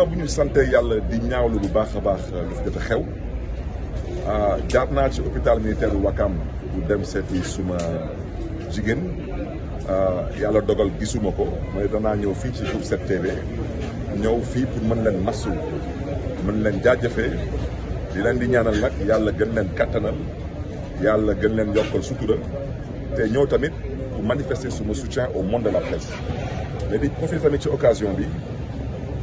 ah bu ñu sante yàlla di ñaawlu bu baax a baax lu fi jot a xew ah, jaar naa ci hôpital militaire bu Wakam bu dem seeti suma jigéen ah, yàlla dogal gisuma ko mooy danaa ñëw fii ci Groupe 7 TV ñëw fii pour mën leen massu mën leen jaajëfee di leen di ñaanal nag yàlla gën leen kattanal yàlla gën leen yokkal sutura te ñëw tamit pour manifester suma soutien au monde de la presse mais di profiter tamit ci occasion bi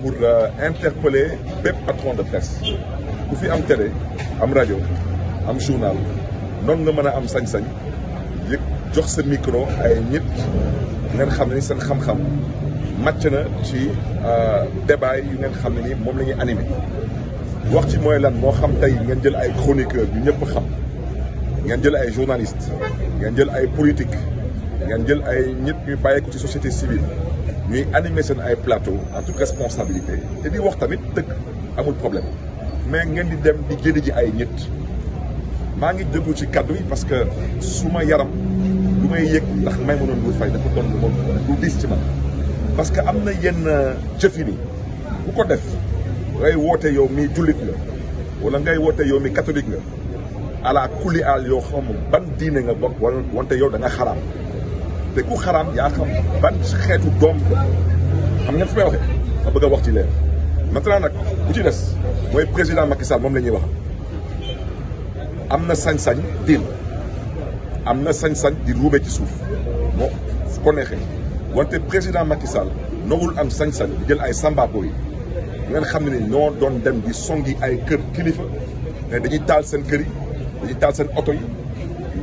pour euh, interpeller bépp patron de presse ku fi am télé am rajo am journal noonu nga mën a am sañ-sañ yëg jox sa micro ay nit ngeen xam ne ni seen xam-xam màcc na ci euh, débat yu ngeen xam ne ni moom la ñuy animé wax ci mooy lan moo xam tey ngeen jël ay chroniqueur yu ñëpp xam ngeen jël ay journaliste ngeen jël ay politique ngeen jël ay nit ñuy bàyyeeku ci société civile ñuy animer seen ay plateau en toute responsabilité te di wax tamit dëgg amul problème mais ngeen di dem di jëli ji ay nit maa ngi jëggu ci kaddu yi parce que su ma yaram lu may yëg ndax may ma doon fay dafa doon moom lu diis ci man parce que am na yenn euh, jëfini bu ko def ngay woote yow mi jullit nga wala ngay woote yow mi catholique nga ala kulli al yoo xam ban diine nga bokk wante yow da nga xaraam te ku xaraam yaa xam ban xeetu doom xam ngeen fu may waxee ma bëgg wax ci leer maintenant nag bu ci des mooy président Macky Sall moom la ñuy wax am na sañ-sañ diil am na sañ-sañ di ruube ci suuf moo su ko neexee wante président Macky Sall nowul am sañ-sañ di jël ay sambaabo yi ngeen xam ne ni ñoo doon dem di songi ay kër kilifa mais dañuy taal seen kër yi dañuy taal seen oto yi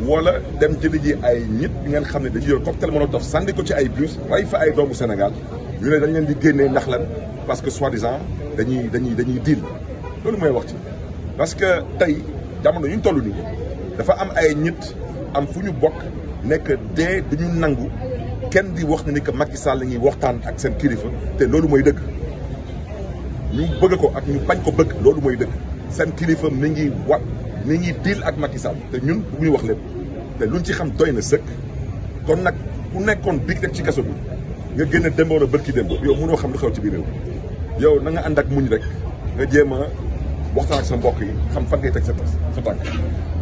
wala dem jëli ji ay nit ngeen xam ne dañuy yor cocktail molotov sandi ko ci ay bus rey fa ay doomu Sénégal ñu ne dañ leen di génnee ndax lan parce que soi-disant dañuy dañuy dañuy diil loolu mooy wax ci parce que tey jamono ñu toll nii dafa am ay nit am fu ñu bokk nekk dee dañu nangu kenn di wax ne ni que Macky Sall la ñuy waxtaan ak seen kilifa te loolu mooy dëgg ñu bëgg ko ak ñu bañ ko bëgg loolu mooy dëgg seen kilifa mi ngi wa ni ngi deal ak Macky Sall te ñun bu muy wax lépp te luñ ci xam doy na sëkk kon nag ku nekkoon big rek ci kaso bi nga génne démboo la bërki démboo yow mënoo xam lu xew ci biir réew yow nanga ànd ak muñ rek nga jéem a waxtaan ak sa mbokk yi xam fan teg sa sa tànk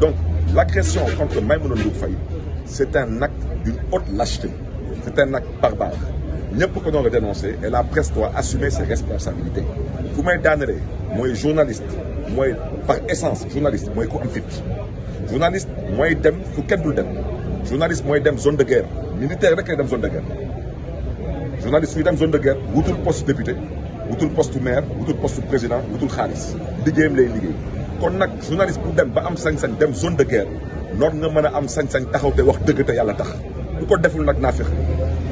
donc l'agression contre Maïmouna Ndour Faye c'est un acte d'une haute lâcheté c'est un nag barbare ñëpp ko doon la dénoncer et la presse doit assumer ses fu may daanalee mooy journaliste mooy par essence journaliste mooy ku am mooy dem fu kenn dul dem journaliste mooy dem zone de guerre militaire rek ay dem zone de guerre journaliste suy dem zone de guerre wutul poste député wutul poste maire wutul poste président wutul xaalis liggéeyam lay liggéey kon nag journaliste bu dem ba am sañ-sañ dem zone de guerre noonu nga mën a am sañ-sañ taxaw te wax dëgg yàlla tax ko deful nag naa fexe